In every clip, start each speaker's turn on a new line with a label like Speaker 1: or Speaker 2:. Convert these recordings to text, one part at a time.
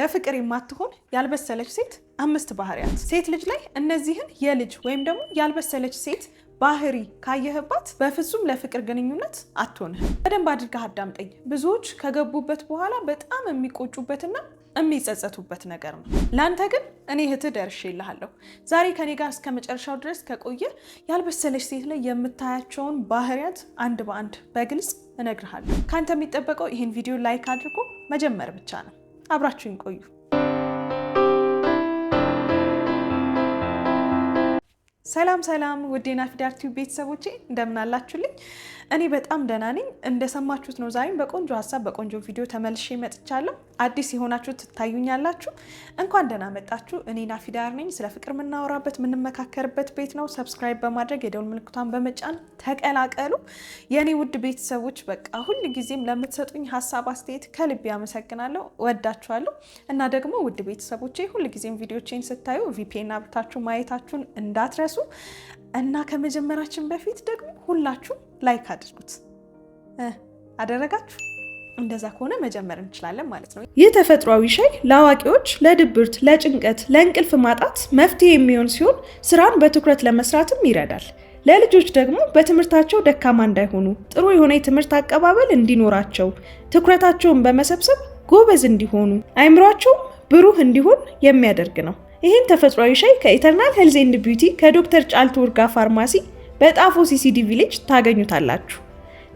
Speaker 1: ለፍቅር የማትሆን ያልበሰለች ሴት አምስት ባህሪያት። ሴት ልጅ ላይ እነዚህን የልጅ ወይም ደግሞ ያልበሰለች ሴት ባህሪ ካየህባት በፍጹም ለፍቅር ግንኙነት አትሆንህ። በደንብ አድርገህ አዳምጠኝ። ብዙዎች ከገቡበት በኋላ በጣም የሚቆጩበትና የሚጸጸቱበት ነገር ነው። ለአንተ ግን እኔ እህትህ ደርሼልሃለሁ። ዛሬ ከኔ ጋር እስከ መጨረሻው ድረስ ከቆየ ያልበሰለች ሴት ላይ የምታያቸውን ባህሪያት አንድ በአንድ በግልጽ እነግርሃለሁ። ከአንተ የሚጠበቀው ይህን ቪዲዮ ላይክ አድርጎ መጀመር ብቻ ነው። አብራችሁኝ ቆዩ። ሰላም ሰላም፣ ውዴና ፊዳርቲው ቤተሰቦቼ እንደምን አላችሁልኝ? እኔ በጣም ደህና ነኝ። እንደሰማችሁት ነው። ዛሬም በቆንጆ ሀሳብ በቆንጆ ቪዲዮ ተመልሼ መጥቻለሁ። አዲስ የሆናችሁ ትታዩኛላችሁ፣ እንኳን ደህና መጣችሁ። እኔ ናፊዳር ነኝ። ስለ ፍቅር የምናወራበት የምንመካከርበት ቤት ነው። ሰብስክራይብ በማድረግ የደውል ምልክቷን በመጫን ተቀላቀሉ። የእኔ ውድ ቤተሰቦች በቃ ሁል ጊዜም ለምትሰጡኝ ሀሳብ አስተያየት ከልቤ አመሰግናለሁ። ወዳችኋለሁ እና ደግሞ ውድ ቤተሰቦቼ ሁል ጊዜም ቪዲዮቼን ስታዩ ቪፒኤን አብርታችሁ ማየታችሁን እንዳትረሱ። እና ከመጀመራችን በፊት ደግሞ ሁላችሁም ላይክ አድርጉት። አደረጋችሁ? እንደዛ ከሆነ መጀመር እንችላለን ማለት ነው። ይህ ተፈጥሯዊ ሻይ ለአዋቂዎች ለድብርት፣ ለጭንቀት፣ ለእንቅልፍ ማጣት መፍትሄ የሚሆን ሲሆን ስራን በትኩረት ለመስራትም ይረዳል። ለልጆች ደግሞ በትምህርታቸው ደካማ እንዳይሆኑ፣ ጥሩ የሆነ የትምህርት አቀባበል እንዲኖራቸው፣ ትኩረታቸውን በመሰብሰብ ጎበዝ እንዲሆኑ፣ አይምሯቸውም ብሩህ እንዲሆን የሚያደርግ ነው። ይህን ተፈጥሯዊ ሻይ ከኢተርናል ሄልዝ ኤንድ ቢዩቲ ከዶክተር ጫልቱ ውርጋ ፋርማሲ በጣፎ ሲሲዲ ቪሌጅ ታገኙታላችሁ።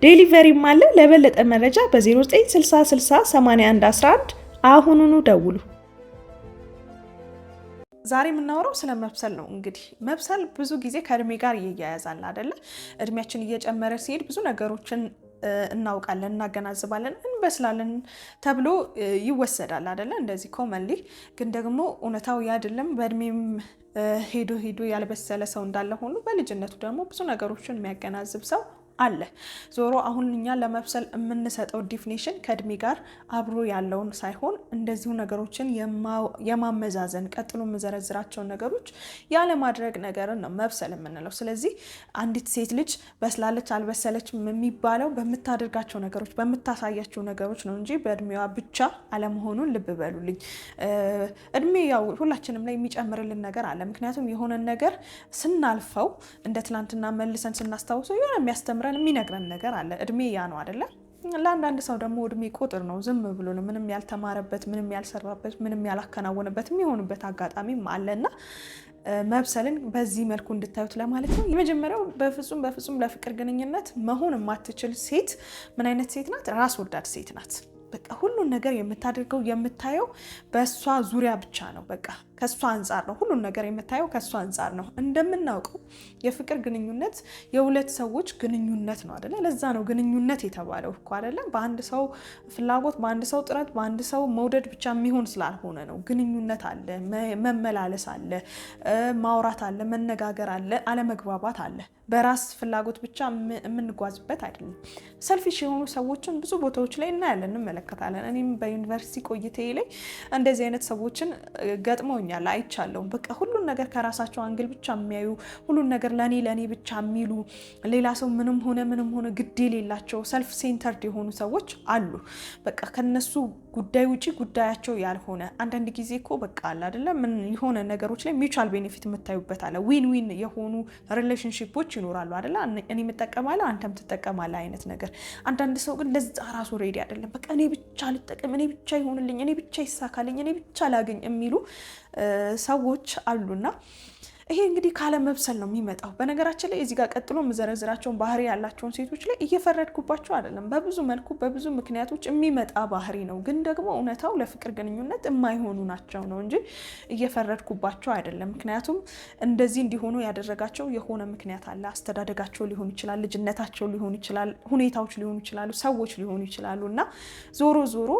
Speaker 1: ዴሊቨሪም አለ። ለበለጠ መረጃ በ0960608111 አሁኑኑ ደውሉ።
Speaker 2: ዛሬ የምናወራው ስለ መብሰል ነው። እንግዲህ መብሰል ብዙ ጊዜ ከእድሜ ጋር ይያያዛል አደለ? እድሜያችን እየጨመረ ሲሄድ ብዙ ነገሮችን እናውቃለን፣ እናገናዝባለን፣ እንበስላለን ተብሎ ይወሰዳል አደለ? እንደዚህ ኮመንሊ ግን ደግሞ እውነታው ያደለም። በእድሜም ሄዶ ሄዶ ያልበሰለ ሰው እንዳለ ሁሉ በልጅነቱ ደግሞ ብዙ ነገሮችን የሚያገናዝብ ሰው አለ። ዞሮ አሁን እኛ ለመብሰል የምንሰጠው ዲፍኔሽን ከእድሜ ጋር አብሮ ያለውን ሳይሆን እንደዚሁ ነገሮችን የማመዛዘን ቀጥሎ የምዘረዝራቸውን ነገሮች ያለማድረግ ነገርን ነው መብሰል የምንለው። ስለዚህ አንዲት ሴት ልጅ በስላለች አልበሰለች የሚባለው በምታደርጋቸው ነገሮች፣ በምታሳያቸው ነገሮች ነው እንጂ በእድሜዋ ብቻ አለመሆኑን ልብ በሉልኝ። እድሜ ያው ሁላችንም ላይ የሚጨምርልን ነገር አለ። ምክንያቱም የሆነን ነገር ስናልፈው እንደ ትናንትና መልሰን ስናስታውሰው የሆነ የሚያስተምር ተምረን የሚነግረን ነገር አለ። እድሜ ያ ነው አይደለም። ለአንዳንድ ሰው ደግሞ እድሜ ቁጥር ነው። ዝም ብሎ ነው ምንም ያልተማረበት፣ ምንም ያልሰራበት፣ ምንም ያላከናወነበት የሚሆንበት አጋጣሚም አለና መብሰልን በዚህ መልኩ እንድታዩት ለማለት ነው። የመጀመሪያው በፍጹም በፍጹም ለፍቅር ግንኙነት መሆን የማትችል ሴት ምን አይነት ሴት ናት? ራስ ወዳድ ሴት ናት። በቃ ሁሉን ነገር የምታደርገው የምታየው በእሷ ዙሪያ ብቻ ነው። በቃ ከእሷ አንጻር ነው ሁሉን ነገር የምታየው ከእሷ አንጻር ነው። እንደምናውቀው የፍቅር ግንኙነት የሁለት ሰዎች ግንኙነት ነው አደለ? ለዛ ነው ግንኙነት የተባለው እኮ አደለ? በአንድ ሰው ፍላጎት፣ በአንድ ሰው ጥረት፣ በአንድ ሰው መውደድ ብቻ የሚሆን ስላልሆነ ነው። ግንኙነት አለ፣ መመላለስ አለ፣ ማውራት አለ፣ መነጋገር አለ፣ አለመግባባት አለ። በራስ ፍላጎት ብቻ የምንጓዝበት አይደለም። ሰልፊሽ የሆኑ ሰዎችን ብዙ ቦታዎች ላይ እናያለን። እንመለከታለን። እኔም በዩኒቨርሲቲ ቆይቴ ላይ እንደዚህ አይነት ሰዎችን ገጥመውኛል፣ አይቻለሁም። በቃ ሁሉን ነገር ከራሳቸው አንግል ብቻ የሚያዩ ሁሉን ነገር ለእኔ ለእኔ ብቻ የሚሉ ሌላ ሰው ምንም ሆነ ምንም ሆነ ግድ የሌላቸው ሰልፍ ሴንተርድ የሆኑ ሰዎች አሉ። በቃ ከነሱ ጉዳይ ውጪ ጉዳያቸው ያልሆነ አንዳንድ ጊዜ እኮ በቃ አለ አይደለ ምን የሆነ ነገሮች ላይ ሚቹዋል ቤኔፊት የምታዩበት አለ ዊን ዊን የሆኑ ሪሌሽንሽፖች ይኖራሉ አይደለ እኔ የምጠቀማለሁ አንተም ትጠቀማለህ አይነት ነገር። አንዳንድ ሰው ግን ለዛ ራሱ ሬዲ አይደለም። በቃ እኔ ብቻ ልጠቀም፣ እኔ ብቻ ይሆንልኝ፣ እኔ ብቻ ይሳካልኝ፣ እኔ ብቻ ላገኝ የሚሉ ሰዎች አሉና ይሄ እንግዲህ ካለመብሰል ነው የሚመጣው። በነገራችን ላይ እዚህ ጋር ቀጥሎ የምዘረዝራቸውን ባህሪ ያላቸውን ሴቶች ላይ እየፈረድኩባቸው አይደለም። በብዙ መልኩ በብዙ ምክንያቶች የሚመጣ ባህሪ ነው፣ ግን ደግሞ እውነታው ለፍቅር ግንኙነት የማይሆኑ ናቸው ነው እንጂ እየፈረድኩባቸው አይደለም። ምክንያቱም እንደዚህ እንዲሆኑ ያደረጋቸው የሆነ ምክንያት አለ። አስተዳደጋቸው ሊሆን ይችላል፣ ልጅነታቸው ሊሆን ይችላል፣ ሁኔታዎች ሊሆኑ ይችላሉ፣ ሰዎች ሊሆኑ ይችላሉ እና ዞሮ ዞሮ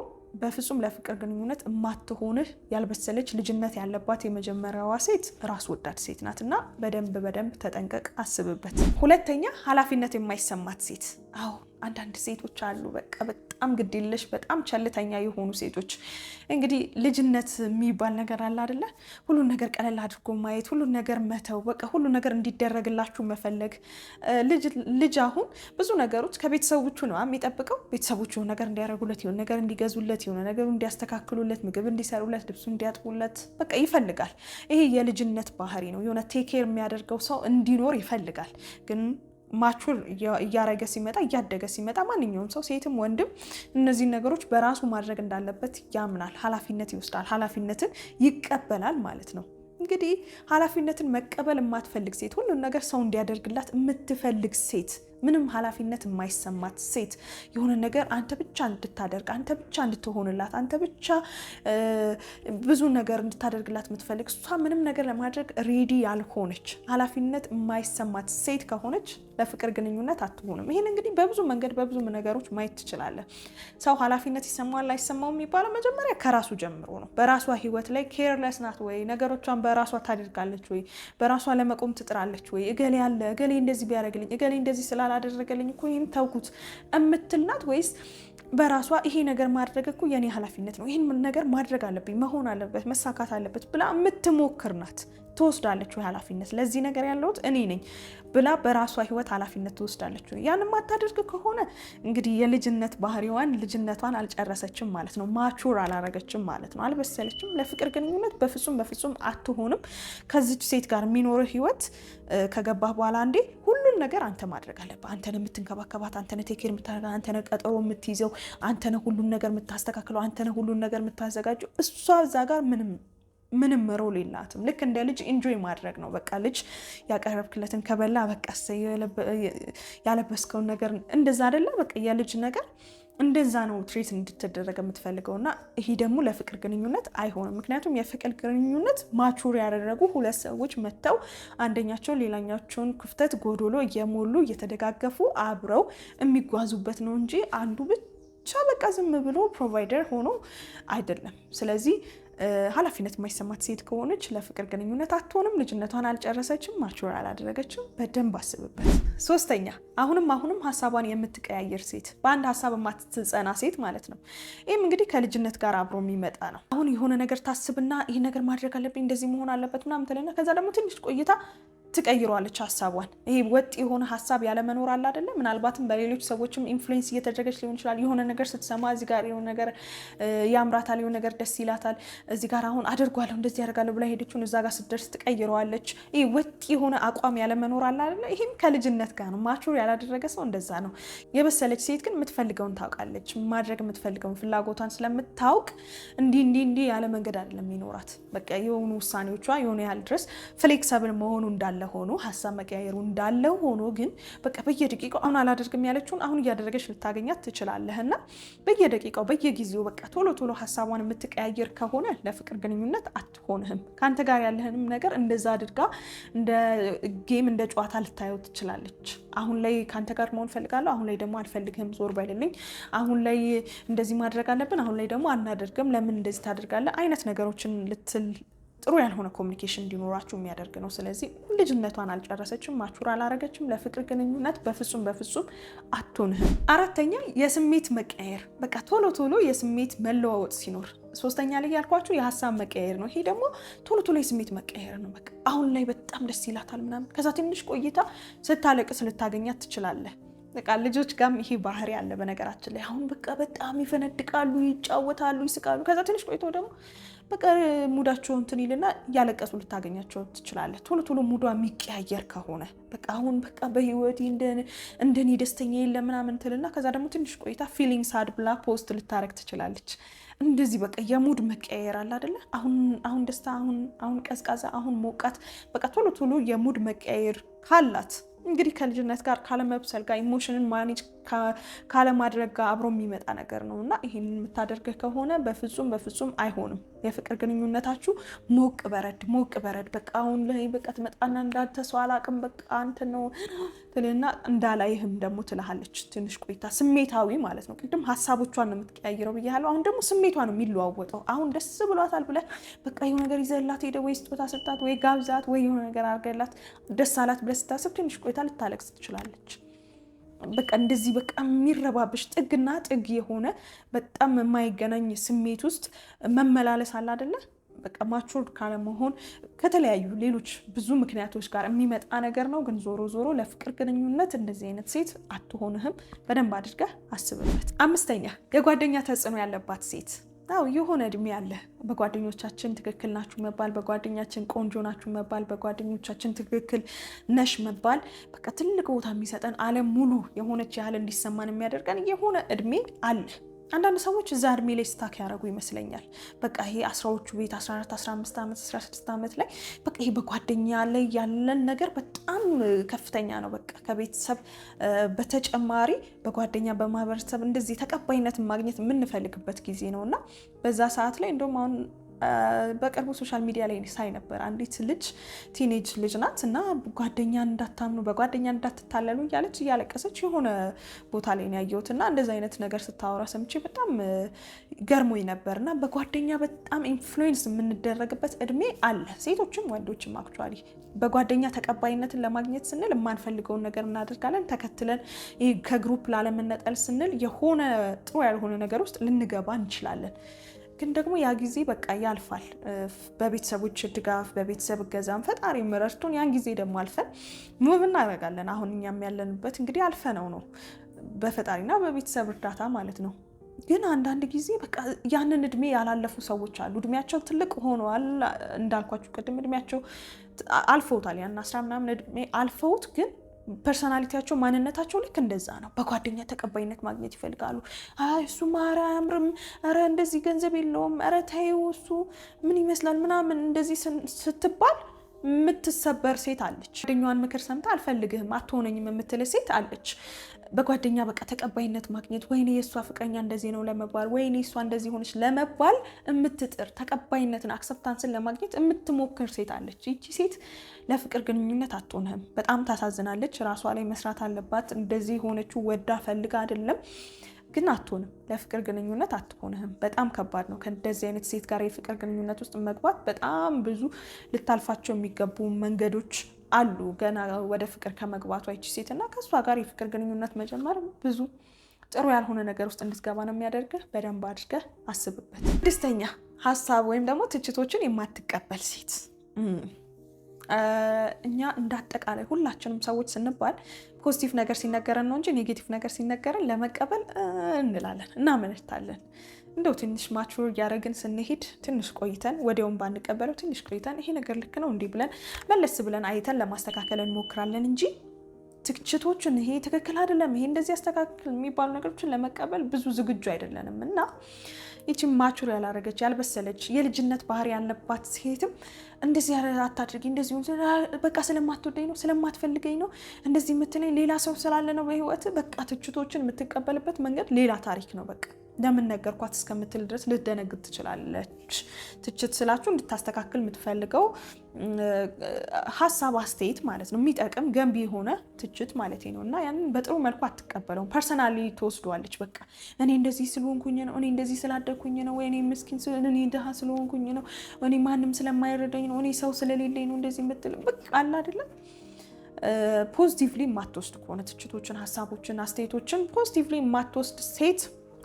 Speaker 2: በፍጹም ለፍቅር ግንኙነት እማትሆንህ ያልበሰለች ልጅነት ያለባት የመጀመሪያዋ ሴት ራስ ወዳድ ሴት ናት እና በደንብ በደንብ ተጠንቀቅ፣ አስብበት። ሁለተኛ ኃላፊነት የማይሰማት ሴት አዎ አንዳንድ ሴቶች አሉ በቃ በጣም ግዴለሽ በጣም ቸልተኛ የሆኑ ሴቶች። እንግዲህ ልጅነት የሚባል ነገር አለ አይደለ ሁሉን ነገር ቀለል አድርጎ ማየት፣ ሁሉን ነገር መተው፣ በቃ ሁሉ ነገር እንዲደረግላችሁ መፈለግ። ልጅ አሁን ብዙ ነገሮች ከቤተሰቦቹ ነው የሚጠብቀው። ቤተሰቦቹ የሆነ ነገር እንዲያደርጉለት፣ የሆነ ነገር እንዲገዙለት፣ የሆነ ነገሩ እንዲያስተካክሉለት፣ ምግብ እንዲሰሩለት፣ ልብሱ እንዲያጥቡለት በቃ ይፈልጋል። ይሄ የልጅነት ባህሪ ነው። የሆነ ቴክ ኬር የሚያደርገው ሰው እንዲኖር ይፈልጋል ግን ማቹር እያረገ ሲመጣ እያደገ ሲመጣ ማንኛውም ሰው ሴትም ወንድም እነዚህን ነገሮች በራሱ ማድረግ እንዳለበት ያምናል። ኃላፊነት ይወስዳል፣ ኃላፊነትን ይቀበላል ማለት ነው። እንግዲህ ኃላፊነትን መቀበል የማትፈልግ ሴት፣ ሁሉን ነገር ሰው እንዲያደርግላት የምትፈልግ ሴት ምንም ኃላፊነት የማይሰማት ሴት የሆነ ነገር አንተ ብቻ እንድታደርግ አንተ ብቻ እንድትሆንላት አንተ ብቻ ብዙ ነገር እንድታደርግላት የምትፈልግ እሷ ምንም ነገር ለማድረግ ሬዲ ያልሆነች ኃላፊነት የማይሰማት ሴት ከሆነች ለፍቅር ግንኙነት አትሆንም። ይህን እንግዲህ በብዙ መንገድ በብዙ ነገሮች ማየት ትችላለን። ሰው ኃላፊነት ይሰማዋል አይሰማውም የሚባለው መጀመሪያ ከራሱ ጀምሮ ነው። በራሷ ህይወት ላይ ኬርለስ ናት ወይ? ነገሮቿን በራሷ ታደርጋለች ወይ? በራሷ ለመቆም ትጥራለች ወይ? እገሌ አለ እገሌ እንደዚህ ቢያደርግልኝ እገሌ እንደዚህ ስላላ ስላደረገልኝ እኮ ይህን ተውኩት እምትልናት ወይስ በራሷ ይሄ ነገር ማድረግ እኮ የኔ ኃላፊነት ነው፣ ይህን ነገር ማድረግ አለብኝ፣ መሆን አለበት፣ መሳካት አለበት ብላ የምትሞክር ናት። ትወስዳለች ወይ ኃላፊነት ለዚህ ነገር ያለሁት እኔ ነኝ ብላ በራሷ ህይወት ኃላፊነት ትወስዳለች ወይ? ያን ማታደርግ ከሆነ እንግዲህ የልጅነት ባህሪዋን ልጅነቷን አልጨረሰችም ማለት ነው። ማቹር አላረገችም ማለት ነው። አልበሰለችም። ለፍቅር ግንኙነት በፍጹም በፍጹም አትሆንም። ከዚች ሴት ጋር የሚኖር ህይወት ከገባህ በኋላ እንዴ ሁሉ ሁሉን ነገር አንተ ማድረግ አለብህ። አንተ ነህ የምትንከባከባት፣ አንተ ነህ ቴኬር የምታደርጋት፣ አንተ ነህ ቀጠሮ የምትይዘው፣ አንተ ነህ ሁሉን ነገር የምታስተካክለው፣ አንተ ነህ ሁሉን ነገር የምታዘጋጀው። እሷ እዛ ጋር ምንም ምንም ሮል የላትም። ልክ እንደ ልጅ ኢንጆይ ማድረግ ነው በቃ። ልጅ ያቀረብክለትን ከበላ በቃ ያለበስከውን ነገር እንደዛ አደለ? በቃ የልጅ ነገር እንደዛ ነው ትሬት እንድትደረግ የምትፈልገው እና ይሄ ደግሞ ለፍቅር ግንኙነት አይሆንም። ምክንያቱም የፍቅር ግንኙነት ማቹር ያደረጉ ሁለት ሰዎች መጥተው አንደኛቸው ሌላኛቸውን ክፍተት ጎዶሎ እየሞሉ እየተደጋገፉ አብረው የሚጓዙበት ነው እንጂ አንዱ ብቻ በቃ ዝም ብሎ ፕሮቫይደር ሆኖ አይደለም። ስለዚህ ኃላፊነት የማይሰማት ሴት ከሆነች ለፍቅር ግንኙነት አትሆንም። ልጅነቷን አልጨረሰችም፣ ማቹር አላደረገችም። በደንብ አስብበት። ሶስተኛ አሁንም አሁንም ሀሳቧን የምትቀያየር ሴት፣ በአንድ ሀሳብ የማትጸና ሴት ማለት ነው። ይህም እንግዲህ ከልጅነት ጋር አብሮ የሚመጣ ነው። አሁን የሆነ ነገር ታስብና ይህ ነገር ማድረግ አለብኝ እንደዚህ መሆን አለበት ምናምን ከዛ ደግሞ ትንሽ ቆይታ ትቀይሯለች ሀሳቧን። ይሄ ወጥ የሆነ ሀሳብ ያለመኖር አለ አደለም ምናልባትም በሌሎች ሰዎችም ኢንፍሉዌንስ እየተደረገች ሊሆን ይችላል። የሆነ ነገር ስትሰማ እዚህ ጋር የሆነ ነገር ያምራታል፣ የሆነ ነገር ደስ ይላታል። እዚህ ጋር አሁን አድርጓለሁ እንደዚህ ያደርጋለሁ ብላ ሄደችውን እዛ ጋር ስትደርስ ትቀይረዋለች። ይሄ ወጥ የሆነ አቋም ያለመኖር አለ አይደለ? ይሄም ከልጅነት ጋር ነው። ማቹር ያላደረገ ሰው እንደዛ ነው። የበሰለች ሴት ግን የምትፈልገውን ታውቃለች። ማድረግ የምትፈልገውን ፍላጎቷን ስለምታውቅ እንዲህ እንዲህ እንዲህ ያለ መንገድ አይደለም ይኖራት። በቃ የሆኑ ውሳኔዎቿ የሆነ ያህል ድረስ ፍሌክሰብል መሆኑ እንዳለ ሆኖ ሀሳብ መቀያየሩ እንዳለው ሆኖ ግን በቃ በየደቂቃው አሁን አላደርግም ያለችውን አሁን እያደረገች ልታገኛት ትችላለህ እና በየደቂቃው በየጊዜው በቃ ቶሎ ቶሎ ሀሳቧን የምትቀያየር ከሆነ ለፍቅር ግንኙነት አትሆንህም። ከአንተ ጋር ያለህንም ነገር እንደዛ አድርጋ እንደ ጌም እንደ ጨዋታ ልታየው ትችላለች። አሁን ላይ ከአንተ ጋር መሆን ፈልጋለሁ፣ አሁን ላይ ደግሞ አልፈልግህም፣ ዞር በልልኝ፣ አሁን ላይ እንደዚህ ማድረግ አለብን፣ አሁን ላይ ደግሞ አናደርግም፣ ለምን እንደዚህ ታደርጋለህ አይነት ነገሮችን ልትል ጥሩ ያልሆነ ኮሚኒኬሽን እንዲኖራችሁ የሚያደርግ ነው። ስለዚህ ልጅነቷን አልጨረሰችም፣ ማቹር አላረገችም። ለፍቅር ግንኙነት በፍጹም በፍጹም አትሆንህም። አራተኛ የስሜት መቀየር፣ በቃ ቶሎ ቶሎ የስሜት መለዋወጥ ሲኖር ሶስተኛ ላይ ያልኳችሁ የሀሳብ መቀየር ነው። ይሄ ደግሞ ቶሎ ቶሎ የስሜት መቀየር ነው። በቃ አሁን ላይ በጣም ደስ ይላታል ምናምን፣ ከዛ ትንሽ ቆይታ ስታለቅስ ልታገኛት ትችላለህ። በቃ ልጆች ጋም ይሄ ባህሪ አለ። በነገራችን ላይ አሁን በቃ በጣም ይፈነድቃሉ፣ ይጫወታሉ፣ ይስቃሉ። ከዛ ትንሽ ቆይቶ ደግሞ በቃ ሙዳቸው እንትን ይልና እያለቀሱ ልታገኛቸው ትችላለህ። ቶሎ ቶሎ ሙዷ የሚቀያየር ከሆነ በቃ አሁን በቃ በህይወት እንደኔ ደስተኛ የለ ምናምን ትልና ከዛ ደግሞ ትንሽ ቆይታ ፊሊንግ ሳድ ብላ ፖስት ልታረግ ትችላለች። እንደዚህ በቃ የሙድ መቀያየር አለ አደለ? አሁን ደስታ፣ አሁን ቀዝቃዛ፣ አሁን ሞቃት፣ በቃ ቶሎ ቶሎ የሙድ መቀያየር ካላት እንግዲህ ከልጅነት ጋር ካለመብሰል ጋር ኢሞሽንን ማኔጅ ካለማድረግ ጋር አብሮ የሚመጣ ነገር ነው እና ይህን የምታደርግ ከሆነ በፍጹም በፍጹም አይሆንም። የፍቅር ግንኙነታችሁ ሞቅ በረድ ሞቅ በረድ በቃ አሁን ላይ በቃ ትመጣና እንዳንተ ሰው አላቅም በቃ አንተ ነው ትልና እንዳላይህም ደግሞ ትልሃለች። ትንሽ ቆይታ ስሜታዊ ማለት ነው። ቅድም ሀሳቦቿን ነው የምትቀያይረው ብያለሁ። አሁን ደግሞ ስሜቷ ነው የሚለዋወጠው። አሁን ደስ ብሏታል ብለህ በቃ የሆነ ነገር ይዘህላት ሄደህ ወይ ስጦታ ስጣት ወይ ጋብዛት ወይ የሆነ ነገር አድርገላት ደስ አላት ብለህ ስታስብ ትንሽ ቆይታ ሁኔታ ልታለቅስ ትችላለች። በቃ እንደዚህ በቃ የሚረባብሽ ጥግና ጥግ የሆነ በጣም የማይገናኝ ስሜት ውስጥ መመላለስ አለ አይደለ? በቃ ማቹርድ ካለመሆን ከተለያዩ ሌሎች ብዙ ምክንያቶች ጋር የሚመጣ ነገር ነው። ግን ዞሮ ዞሮ ለፍቅር ግንኙነት እንደዚህ አይነት ሴት አትሆንህም። በደንብ አድርገህ አስብበት። አምስተኛ የጓደኛ ተጽዕኖ ያለባት ሴት አው የሆነ እድሜ አለ። በጓደኞቻችን ትክክል ናችሁ መባል፣ በጓደኛችን ቆንጆ ናችሁ መባል፣ በጓደኞቻችን ትክክል ነሽ መባል በቃ ትልቅ ቦታ የሚሰጠን ዓለም ሙሉ የሆነች ያህል እንዲሰማን የሚያደርገን የሆነ እድሜ አለ። አንዳንድ ሰዎች እዛ እድሜ ላይ ስታክ ያደረጉ ይመስለኛል። በቃ ይሄ አስራዎቹ ቤት 14፣ 15 ዓመት 16 ዓመት ላይ በቃ ይሄ በጓደኛ ላይ ያለን ነገር በጣም ከፍተኛ ነው። በቃ ከቤተሰብ በተጨማሪ በጓደኛ በማህበረሰብ እንደዚህ ተቀባይነት ማግኘት የምንፈልግበት ጊዜ ነው እና በዛ ሰዓት ላይ እንደውም አሁን በቅርቡ ሶሻል ሚዲያ ላይ ሳይ ነበር። አንዲት ልጅ ቲኔጅ ልጅ ናት እና ጓደኛ እንዳታምኑ በጓደኛ እንዳትታለሉ እያለች እያለቀሰች የሆነ ቦታ ላይ ያየሁት እና እንደዚ አይነት ነገር ስታወራ ሰምቼ በጣም ገርሞኝ ነበር። እና በጓደኛ በጣም ኢንፍሉዌንስ የምንደረግበት እድሜ አለ፣ ሴቶችም ወንዶችም። አክቹዋሊ በጓደኛ ተቀባይነትን ለማግኘት ስንል የማንፈልገውን ነገር እናደርጋለን ተከትለን፣ ከግሩፕ ላለመነጠል ስንል የሆነ ጥሩ ያልሆነ ነገር ውስጥ ልንገባ እንችላለን። ግን ደግሞ ያ ጊዜ በቃ ያልፋል። በቤተሰቦች ድጋፍ፣ በቤተሰብ እገዛም ፈጣሪ ምረርቱን ያን ጊዜ ደግሞ አልፈን ሙብ እናደርጋለን። አሁን እኛም ያለንበት እንግዲህ አልፈነው ነው በፈጣሪና በቤተሰብ እርዳታ ማለት ነው። ግን አንዳንድ ጊዜ በቃ ያንን እድሜ ያላለፉ ሰዎች አሉ። እድሜያቸው ትልቅ ሆነዋል። እንዳልኳችሁ ቅድም እድሜያቸው አልፈውታል። ያን አስራ ምናምን እድሜ አልፈውት ግን ፐርሶናሊቲያቸው ማንነታቸው ልክ እንደዛ ነው። በጓደኛ ተቀባይነት ማግኘት ይፈልጋሉ። እሱ ኧረ አያምርም፣ ኧረ እንደዚህ ገንዘብ የለውም፣ ኧረ ተይው፣ እሱ ምን ይመስላል ምናምን እንደዚህ ስትባል የምትሰበር ሴት አለች። ጓደኛዋን ምክር ሰምታ አልፈልግህም፣ አትሆነኝም የምትል ሴት አለች። በጓደኛ በቃ ተቀባይነት ማግኘት ወይኔ የእሷ ፍቅረኛ እንደዚህ ነው ለመባል ወይኔ እሷ እንደዚህ ሆነች ለመባል የምትጥር ተቀባይነትን አክሰፕታንስን ለማግኘት የምትሞክር ሴት አለች። ይቺ ሴት ለፍቅር ግንኙነት አትሆንህም። በጣም ታሳዝናለች። ራሷ ላይ መስራት አለባት። እንደዚህ ሆነችው ወዳ ፈልጋ አይደለም ግን አትሆንም። ለፍቅር ግንኙነት አትሆንህም። በጣም ከባድ ነው። ከእንደዚህ አይነት ሴት ጋር የፍቅር ግንኙነት ውስጥ መግባት በጣም ብዙ ልታልፋቸው የሚገቡ መንገዶች አሉ ገና ወደ ፍቅር ከመግባቷ ይቺ ሴት እና ከእሷ ጋር የፍቅር ግንኙነት መጀመር ብዙ ጥሩ ያልሆነ ነገር ውስጥ እንድትገባ ነው የሚያደርግህ። በደንብ አድርገህ አስብበት። ስድስተኛ ሀሳብ ወይም ደግሞ ትችቶችን የማትቀበል ሴት። እኛ እንደ አጠቃላይ ሁላችንም ሰዎች ስንባል ፖዚቲቭ ነገር ሲነገረን ነው እንጂ ኔጌቲቭ ነገር ሲነገረን ለመቀበል እንላለን፣ እናመነታለን። እንደው ትንሽ ማቹር እያደረግን ስንሄድ ትንሽ ቆይተን ወዲያውም ባንቀበለው ትንሽ ቆይተን ይሄ ነገር ልክ ነው እንዲህ ብለን መለስ ብለን አይተን ለማስተካከል እንሞክራለን እንጂ ትችቶችን ይሄ ትክክል አይደለም፣ ይሄ እንደዚህ ያስተካክል የሚባሉ ነገሮችን ለመቀበል ብዙ ዝግጁ አይደለንም እና ይቺ ማቹር ያላረገች ያልበሰለች የልጅነት ባህሪ ያለባት ሴትም እንደዚህ አታድርጊ፣ እንደዚህ በቃ ስለማትወደኝ ነው ስለማትፈልገኝ ነው እንደዚህ የምትለኝ ሌላ ሰው ስላለ ነው በህይወት በቃ ትችቶችን የምትቀበልበት መንገድ ሌላ ታሪክ ነው በቃ ለምን ነገርኳት እስከምትል ድረስ ልትደነግጥ ትችላለች። ትችት ስላችሁ እንድታስተካክል የምትፈልገው ሀሳብ፣ አስተያየት ማለት ነው። የሚጠቅም ገንቢ የሆነ ትችት ማለት ነው እና ያንን በጥሩ መልኩ አትቀበለውም። ፐርሰናሊ ትወስደዋለች። በቃ እኔ እንደዚህ ስለሆንኩኝ ነው፣ እኔ እንደዚህ ስላደግኩኝ ነው፣ ወይ እኔ ምስኪን፣ እኔ ድሃ ስለሆንኩኝ ነው፣ እኔ ማንም ስለማይረዳኝ ነው፣ እኔ ሰው ስለሌለኝ ነው እንደዚህ የምትል በቃ አለ አይደለም ፖዚቲቭሊ የማትወስድ ከሆነ ትችቶችን፣ ሀሳቦችን፣ አስተያየቶችን ፖዚቲቭሊ የማትወስድ ሴት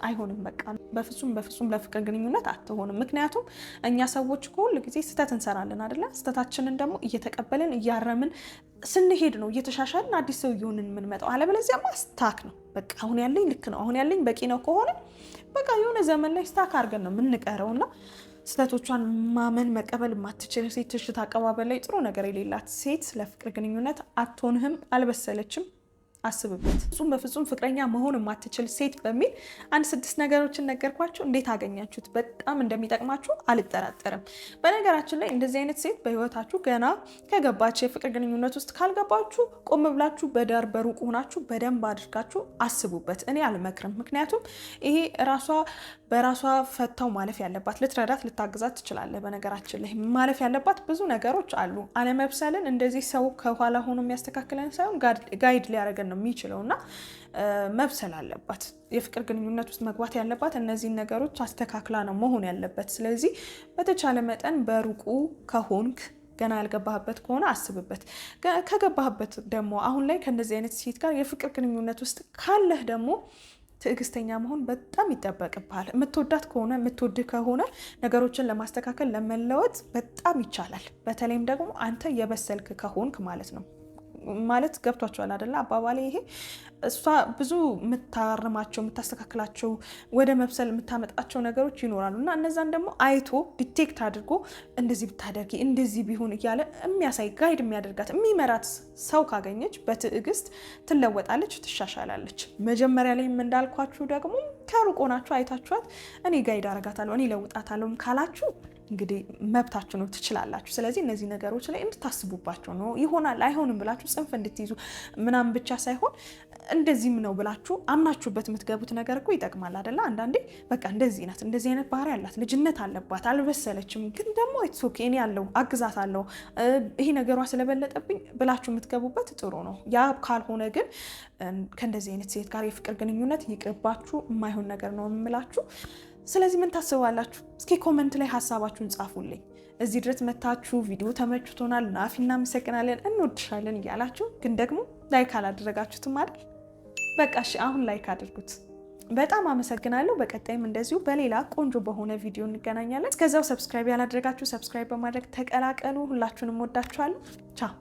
Speaker 2: አይሆንም። በቃ በፍጹም በፍጹም ለፍቅር ግንኙነት አትሆንም። ምክንያቱም እኛ ሰዎች ሁል ጊዜ ስህተት እንሰራለን አደለ? ስህተታችንን ደግሞ እየተቀበልን እያረምን ስንሄድ ነው እየተሻሻልን አዲስ ሰው እየሆንን የምንመጣው። አለበለዚያማ ስታክ ነው በቃ አሁን ያለኝ ልክ ነው፣ አሁን ያለኝ በቂ ነው ከሆነ በቃ የሆነ ዘመን ላይ ስታክ አድርገን ነው የምንቀረው እና ስህተቶቿን ማመን መቀበል የማትችል ሴት ትሽት አቀባበል ላይ ጥሩ ነገር የሌላት ሴት ለፍቅር ግንኙነት አትሆንህም። አልበሰለችም። አስብበት። ፍጹም በፍጹም ፍቅረኛ መሆን የማትችል ሴት በሚል አንድ ስድስት ነገሮችን ነገርኳችሁ። እንዴት አገኛችሁት? በጣም እንደሚጠቅማችሁ አልጠራጠርም። በነገራችን ላይ እንደዚህ አይነት ሴት በህይወታችሁ ገና ከገባች የፍቅር ግንኙነት ውስጥ ካልገባችሁ ቆም ብላችሁ በዳር በሩቅ ሆናችሁ በደንብ አድርጋችሁ አስቡበት። እኔ አልመክርም። ምክንያቱም ይሄ ራሷ በራሷ ፈታው ማለፍ ያለባት ልትረዳት ልታግዛት ትችላለህ። በነገራችን ላይ ማለፍ ያለባት ብዙ ነገሮች አሉ። አለመብሰልን እንደዚህ ሰው ከኋላ ሆኖ የሚያስተካክለን ሳይሆን ጋይድ ሊያደርገን ነው የሚችለው እና መብሰል አለባት። የፍቅር ግንኙነት ውስጥ መግባት ያለባት እነዚህን ነገሮች አስተካክላ ነው መሆን ያለበት። ስለዚህ በተቻለ መጠን በሩቁ ከሆንክ ገና ያልገባህበት ከሆነ አስብበት። ከገባህበት ደግሞ አሁን ላይ ከእንደዚህ አይነት ሴት ጋር የፍቅር ግንኙነት ውስጥ ካለህ ደግሞ ትዕግስተኛ መሆን በጣም ይጠበቅብሃል። የምትወዳት ከሆነ የምትወድህ ከሆነ ነገሮችን ለማስተካከል ለመለወጥ በጣም ይቻላል። በተለይም ደግሞ አንተ የበሰልክ ከሆንክ ማለት ነው። ማለት ገብቷቸዋል አደለ? አባባሌ ይሄ እሷ ብዙ የምታርማቸው የምታስተካክላቸው ወደ መብሰል የምታመጣቸው ነገሮች ይኖራሉ እና እነዛን ደግሞ አይቶ ዲቴክት አድርጎ እንደዚህ ብታደርጊ እንደዚህ ቢሆን እያለ የሚያሳይ ጋይድ የሚያደርጋት የሚመራት ሰው ካገኘች በትዕግስት ትለወጣለች፣ ትሻሻላለች። መጀመሪያ ላይ እንዳልኳችሁ ደግሞ ከሩቅ ሆናችሁ አይታችኋት እኔ ጋይድ አረጋታለሁ እኔ ለውጣታለሁም ካላችሁ እንግዲህ መብታችሁ ነው፣ ትችላላችሁ። ስለዚህ እነዚህ ነገሮች ላይ እንድታስቡባቸው ነው። ይሆናል አይሆንም ብላችሁ ጽንፍ እንድትይዙ ምናምን ብቻ ሳይሆን እንደዚህም ነው ብላችሁ አምናችሁበት የምትገቡት ነገር እኮ ይጠቅማል አደለ? አንዳንዴ በቃ እንደዚህ ናት፣ እንደዚህ አይነት ባህሪ ያላት ልጅነት አለባት፣ አልበሰለችም፣ ግን ደግሞ ኦኬ እኔ ያለው አግዛት አለው ይሄ ነገሯ ስለበለጠብኝ ብላችሁ የምትገቡበት ጥሩ ነው። ያ ካልሆነ ግን ከእንደዚህ አይነት ሴት ጋር የፍቅር ግንኙነት ይቅርባችሁ፣ የማይሆን ነገር ነው የምላችሁ። ስለዚህ ምን ታስባላችሁ? እስኪ ኮመንት ላይ ሀሳባችሁን ጻፉልኝ። እዚህ ድረስ መታችሁ ቪዲዮ ተመችቶናል፣ ናፊ እናመሰግናለን፣ እንወድሻለን እያላችሁ ግን ደግሞ ላይክ አላደረጋችሁትም አይደል? በቃ እሺ አሁን ላይክ አድርጉት። በጣም አመሰግናለሁ። በቀጣይም እንደዚሁ በሌላ ቆንጆ በሆነ ቪዲዮ እንገናኛለን። እስከዚያው ሰብስክራይብ ያላደረጋችሁ ሰብስክራይብ በማድረግ ተቀላቀሉ። ሁላችሁንም ወዳችኋለሁ። ቻው